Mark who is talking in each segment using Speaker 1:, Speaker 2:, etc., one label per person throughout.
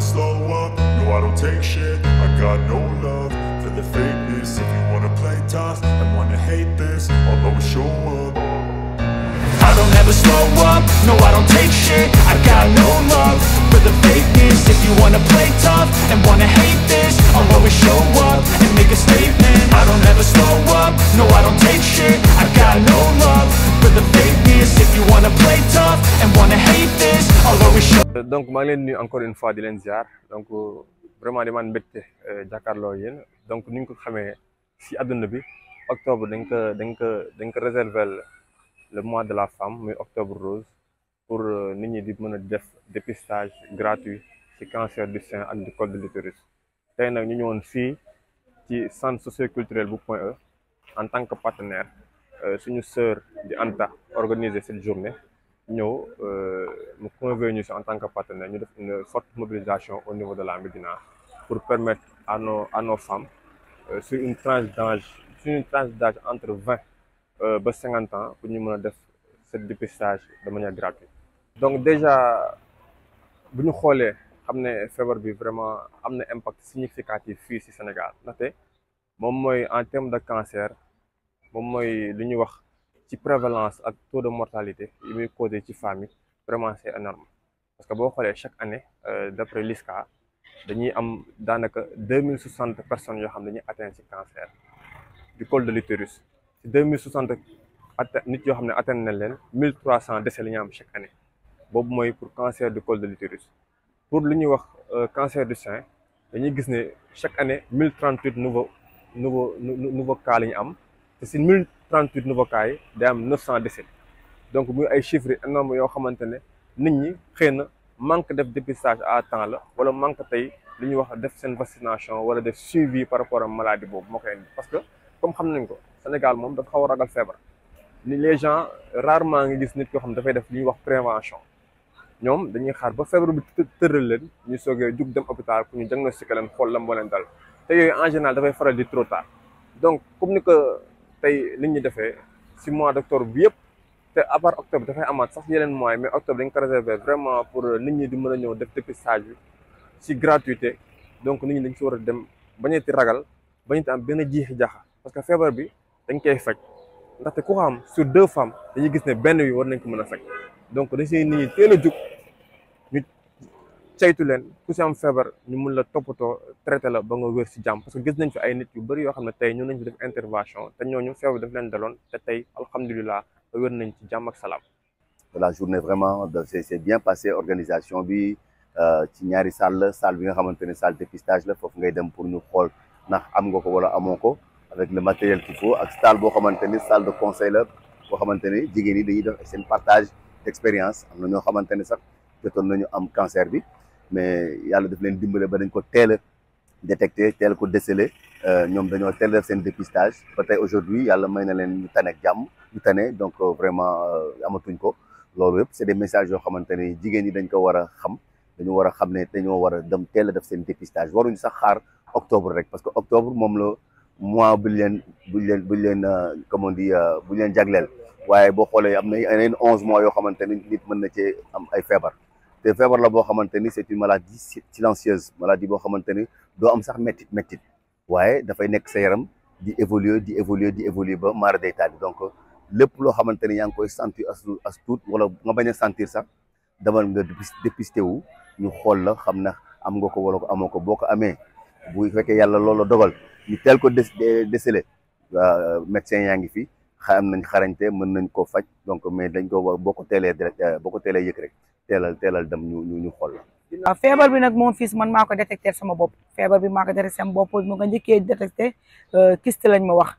Speaker 1: never slow up, no I don't take shit I got no love for the fakeness If you wanna play tough and wanna hate this I'll always show up
Speaker 2: I don't ever slow up, no I don't take shit I got no love for the fakeness If you wanna play tough and wanna hate this I'll always show up and make a
Speaker 3: donc maa ngi leen nuyu encore une
Speaker 2: fois di leen ziar donc vraiment di man mbégte euh, jàkkaarloo yéen donc ni ñu ko xamee si àdduna bi octobre dañ ko dañ ko dañ ko réserver le mois de la femme muy octobre rose pour euh, nit ñi di mën a def dépistage gratuit ci cancer du sein ak du col de l'utérus tey nag ñu ñëwoon fii ci centre socioculturel bu E en tant que partenaire euh, suñu sœur di Anta organiser cette journée ñëw euh, mu convenu ñu si en tant que partenaire ñu def une forte mobilisation au niveau de la Médina pour permettre à nos à femmes euh, sur une tranche d'âge sur une tranche d'âge entre vingt euh, ba cinquante ans bu ñu mën a def ce dépistage de manière gratuite. donc déjà bu ñu xoolee xam ne feebar bi vraiment am na impact significatif fii si Sénégal ndaxte moom mooy en terme de cancer moom mooy li ñuy wax. ci prévalence ak taux de mortalité yi muy causé ci femmes yi vraiment c'est énorme parce que boo xoolee chaque année euh, d'après l'ISCA dañuy am daanaka deux mille soixante personnes yoo xam ne dañuy atteint ci cancer du col de l'utérus ci deux mille nit yoo xam ne atteint nañ leen mille trois cent décès la ñu am chaque année boobu mooy pour cancer du col de l'utérus pour lu ñuy wax euh, cancer du sein dañuy gis ne chaque année mille trente huit nouveau nouveau nouveau cas la ñu am te si 38 nouveaux cas yi day am 900 décès donc muy ay chiffres énorme yoo xamante ne nit ñi xëy na manque def dépistage à temps la wala manque tey lu ñuy wax def seen vaccination wala def suivi par rapport ak maladie boobu moo koy parce que comme xam nañ ko Sénégal moom dafa xaw a ragal feebar ni les gens ngi nga gis nit koo xam dafay def lu ñuy wax prévention ñoom dañuy xaar ba feebar bi tëral leen ñu soogee jug dem hôpital pour ñu diagnostiquer leen xool la moo leen dal te en général dafay faral di trop tard tey li ñu defee si mois d' octobre bi yëpp te à part octobre dafay amaat sax yeneen mois mais octobre dañ ko réserver vraiment pour nit ñi di mën a ñëw def dépistage bi si gratuité donc nit ñi dañ si war a dem bañeeti ragal bañeeti am benn jiixi jaaxa parce que feebar bi dañ koy faj ndaxte ku xam sur deux femmes dañuy gis ne benn bi war nañ ko mën a faj donc dañ see nit ñi teel jug saytu leen ku si am feebar ñu mun la toppatoo traité la ba nga wér si jàmm gis nañ fi ay nit yu bëri yoo xam ne tey ñun nañ fi def intervention te ñooñu feebar daf leen daloon te tey alhamdulilah wér nañ ci jàmm ak
Speaker 1: la journée vraiment euh, c'est bien passé organisation bi euh, ci ñaari salle salle bi nga xamante ne salle dépistage la foofu ngay dem pour ñu xool ndax am nga ko wala amoo ko avec le matériel qu'il faut ak salle boo xamante ni salle conseil la boo xamante jigéen ñi dañuy def seen partage d'expérience am na ñoo xamante ne sax na ñu am cancer bi. mais yàlla daf leen dimbale ba dañ ko teel a détecté teel ko décelé euh, ñoom dañoo teel def seen dépistage ba tey aujourd'hui yàlla may na leen ñu tane ak jàmm donc euh, vraiment euh, amatuñ ko loolu yëpp c'est des messages yoo xamante ne jigéen ñi dañ ko war a xam dañu war xam ne dañoo war a dem teel a def seen dépistage waruñ sax xaar octobre rek parce que octobre moom la mois buñ leen buñ leen buñ leen comment dire buñ leen jagleel waaye boo xoolee am na yeneen onze mois yoo xamante ni nit mën na cee am ay feebar te feebar la boo xamante ni c'est une maladie silencieuse maladie boo xamante ni doo am sax méttit méttit waaye dafay nekk sa yaram di évoluer di évoluer di évoluer ba maara day taal donc lépp loo xamante ni yaa ngi koy sentir as as tout wala nga bañ a sentir sax demal nga dépisté wu ñu xool la xam na am nga ko wala ko amoo ko boo ko amee bu fekkee yàlla loolu dogal ñu teel ko décelé médecin yaa ngi fi xam nañ xarañte mën nañ ko faj donc mais dañ ko war boo ko teelee direct boo ko teelee yëg rek teelal teelal dem ñu ñu ñu xool la
Speaker 4: waaw ah, feebar bi nag moom fils man maa ko détecté sama bopp feebar bi maa ko détecté sama bopp mu nga njëkkee détecté euh, kyste lañ ma wax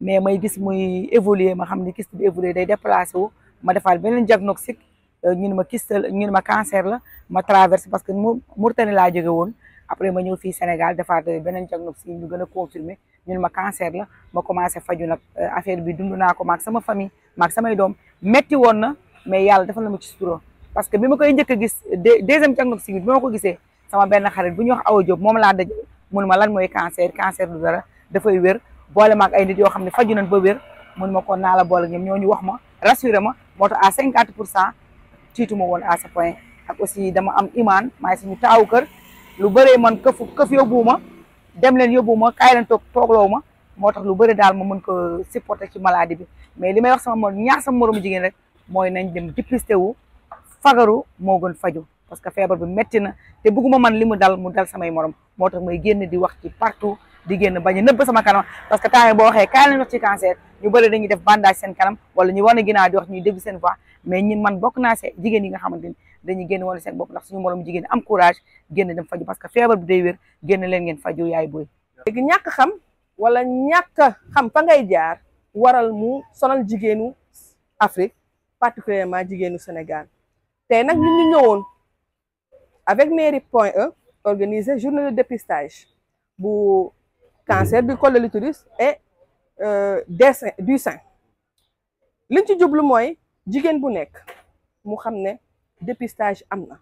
Speaker 4: mais may gis muy évoluer ma xam ni kyste bi évoluer day déplacé wu ma defaat beneen diagnostic euh, ñu ne ma kyste ñu ne ma cancer la ma traversé parce que Mauritanie laa jóge woon après ma ñëw fii Sénégal defaat beneen diagnostic ñu gën a confirmé ñu ne ma cancer la ma commencé faju nag euh, affaire bi dund naa ko maag sama famille maag samay doom metti woon na mais yàlla defal na ma ci sutura parce que bi ma koy njëkk a gis deuxième diagnostic civique bi ma ko gisee sama benn xarit bu ñuy wax Awa Diop moom laa dajale mun ma lan mooy cancer cancer du dara dafay wér boole ma ay nit yoo xam ne faju nañ ba wér mun ma ko naa la boole ñoom ñoo ñu wax ma rassuré ma moo tax à cinquante pour cent tiitu ma woon à ce point ak dama am imaan maay suñu taawu kër lu bëree man këf këf yóbbu ma dem leen yóbbu ma kaay leen toog toogloo ma moo tax lu bëri daal ma mën ko supporter ci maladie bi mais li may wax sama moo ñaax sama moromu jigéen rek mooy nañ dem dépisté wu fagaru moo gën faju parce que feebar bu métti na te bëgguma man li mu dal mu dal samay morom moo tax may génn di wax ci partout di génn bañ a nëbb sama kanam parce que temps boo waxee kaay lañ wax ci cancer ñu bëri dañuy def bandage seen kanam wala ñu wane ginnaaw di wax ñuy dégg seen voix mais ñun man bokk naa see jigéen yi nga xamante ni dañuy génn wane seen bopp ndax suñu morom jigéen am courage génn dem faju parce que feebar bi day wér génn leen ngeen faju yaay booy léegi ñàkk xam wala ñàkk
Speaker 3: xam fa ngay jaar waral mu sonal jigéenu Afrique particulièrement jigéenu Sénégal te nag ñun ñu ñëwoon avec mairie point E organiser journée de dépistage bu cancer du col de l'utérus et euh, des du sein liñ ci jublu mooy jigéen bu nekk mu xam ne dépistage am na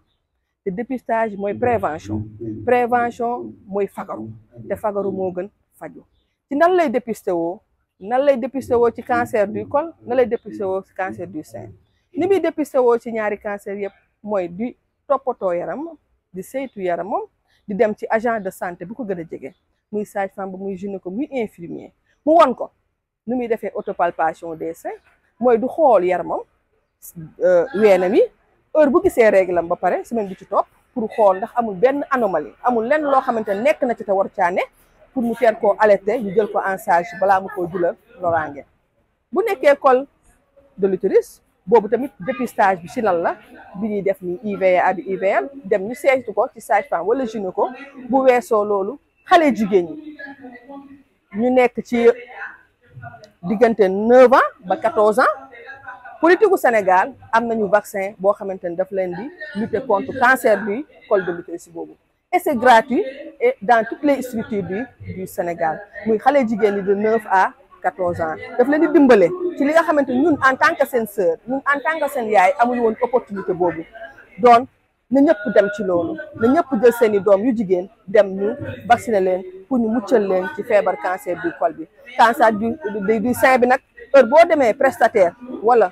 Speaker 3: te dépistage mooy prévention prévention mooy fagaru te fagaru moo gën faju ci nan lay dépisté woo nan lay dépisté woo ci cancer du col nan lay dépisté woo ci cancer du sein ni muy dépisté woo ci ñaari cancer yëpp mooy di toppatoo yaram di saytu yaramam di dem ci agent de santé bu ko gën a jege muy sage-femme bu muy ko muy infirmier mu won ko ni muy defee autopalpation des seins mooy du xool yaramam euh, weenam yi heure bu gisee réglam ba pare semaine bi ci topp pour xool ndax amul benn anomalie amul lenn loo xamante ne nekk na ci te war caane pour mu teel koo alerte ñu jël ko en charge balaa mu ko julal loraange bu nekke col boobu tamit dépistage bi ci lan la bi ñuy def ni IVA abi IVM dem ñu saytu ko ci sage-femme wala ko bu weesoo loolu xale jigéen ñi ñu nekk ci diggante 9 ans ba 14 ans politique gu Sénégal am nañu vaccin boo xamante ni daf leen di lutter contre cancer du col de l'utérus boobu et c'est gratuit et dans toutes les structures du du Sénégal muy xale jigéen ñi de 9 à quatorze ans daf leen di dimbale ci li nga xamante ni ñun en tant que seen sœur ñun en tant que seen yaay amuñu woon opportunité boobu donc na ñëpp dem ci loolu na ñëpp jël seen i doom yu jigéen dem ñu vacciner leen pour ñu muccal leen ci feebar cancer du col bi cancer du du sein bi nag heure boo demee prestataire wala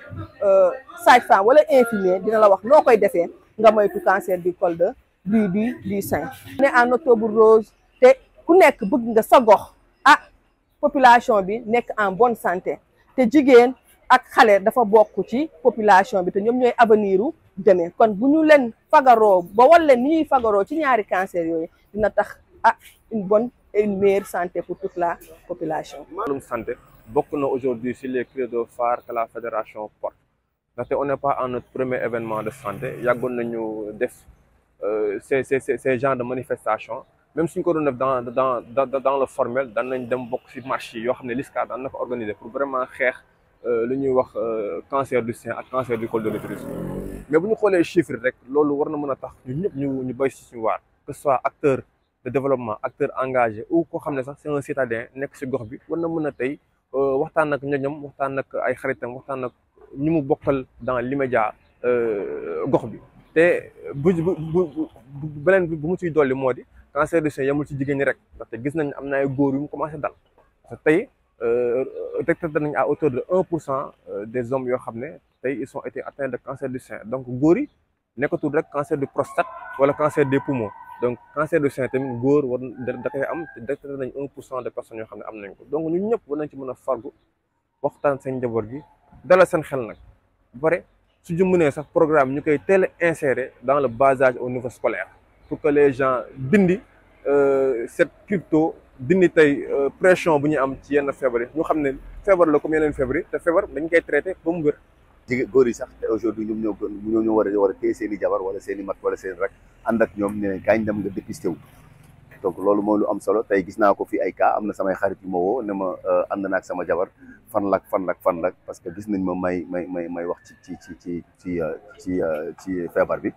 Speaker 3: euh, sage-femme wala infirmier dina la wax noo koy defee nga moytu cancer du col de du du du sein. ne en octobre rose te ku nekk bëgg nga sa gox. population bi nekk en bonne santé te jigéen ak xale dafa bokk ci population bi te ñoom ñooy avenir u demee kon bu ñu leen fagaroo ba wal leen ni ñuy fagaroo ci ñaari cancer yooyu dina tax ah une bonne et une meilleure santé pour toute la population.
Speaker 2: wàllum santé bokk na aujourd'hui si les clés de phare que la fédération porte ndaxte on n'est pas en notre premier événement de santé yàggoon nañu def euh, ces ces ces genre de manifestation même suñ ko doon def dans dans dans le formel daan nañ dem bokk ci marché yoo xam ne LISCA daan na ko organiser pour vraiment xeex euh, lu ñuy wax euh, cancer du sein ak cancer du col de l'utérus mais bu ñu xoolee chiffre rek loolu war na mën a tax ñu ñëpp ñu ñu béy ci suñu waar que ce soit acteur de développement acteur engagé ou koo xam ne sax c'est un citadin nekk si gox bi war na mën a tey euh, waxtaan ak ñoñam waxtaan ak ay xaritam waxtaan ak ñu mu bokkal dans l'immédiat gox bi te bu bu bu beneen bi bu mu ciy dolli moo di. cancer du sein yemul ci jigéen ñi rek ndaxte gis nañ am na ay góor yu mu commencé dal parce que tey euh, détecté nañ à hauteur de un pour cent euh, de hommes yoo xam ne tey ils sont été atteints de cancer du sein donc góor yi nekkatul rek cancer du prostate wala cancer des poumons donc cancer du sein tamit góor war da koy am te détecté nañ un pour cent des personnes yoo xam ne am nañ ko donc ñu ñëpp war nañ ci mën a fargu waxtaan seen njaboot gi dalal seen xel nag ba pare su ñu mënee sax programme ñu koy teel a dans le bas au niveau scolaire pour que les gens Euh, cette crypto dindi tey euh, pression bu ñu am ci yenn feebar yi ñu xam ne feebar la comme yeneen feebar yi te feebar dañ koy traité ba mu wér. jigéen góor yi sax te
Speaker 1: aujourd'hui ñoom ñoo ñoo ñoo war a war a téye wala seen i wala seen i rak ak ñoom ne gaañ dem nga dépisté wu. donc loolu mooy lu am solo tey gis naa ko fi ay cas am na samay xarit yu ma woo ne ma euh, ànd ak sama jabar fan lak fan lak fan lak parce que gis nañ ma may may may may wax ci ci ci ci ci ci feebar bi.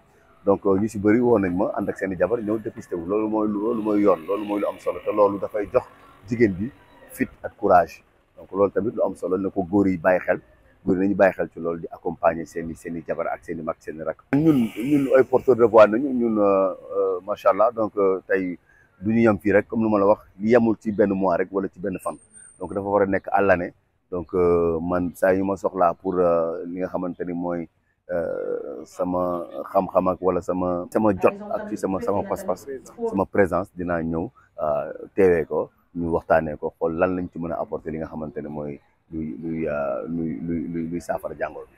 Speaker 1: donc euh, ñu si bëri woo nañ ma ànd ak seen i jabar ñëw dépisté wu loolu mooy loolu mooy yoon loolu mooy lu am solo te loolu dafay jox jigéen bi fit ak courage donc loolu tamit lu am solo na ko góor yi bàyyi xel góor nañu bàyyi xel ci loolu di accompagner seen i seen i jabar ak seen i mag seen i rak ñun ñun ay porteur de voix nañu ñun euh, euh, macha allah donc tey du ñu yem fii rek comme lu ma la wax li yemul ci benn mois rek wala ci benn fan donc dafa war a nekk à l'année donc man saa yi ma soxlaa pour li nga xamante ni mooy Euh, sama xam-xam ak wala sama sama jot ak ci sama sama pas sama présence dinaa ñëw euh, teewe ko ñu waxtaanee ko xool lan lañ ci mën a apporter li nga xamante ne mooy luy luy euh, luy saafara jàngoro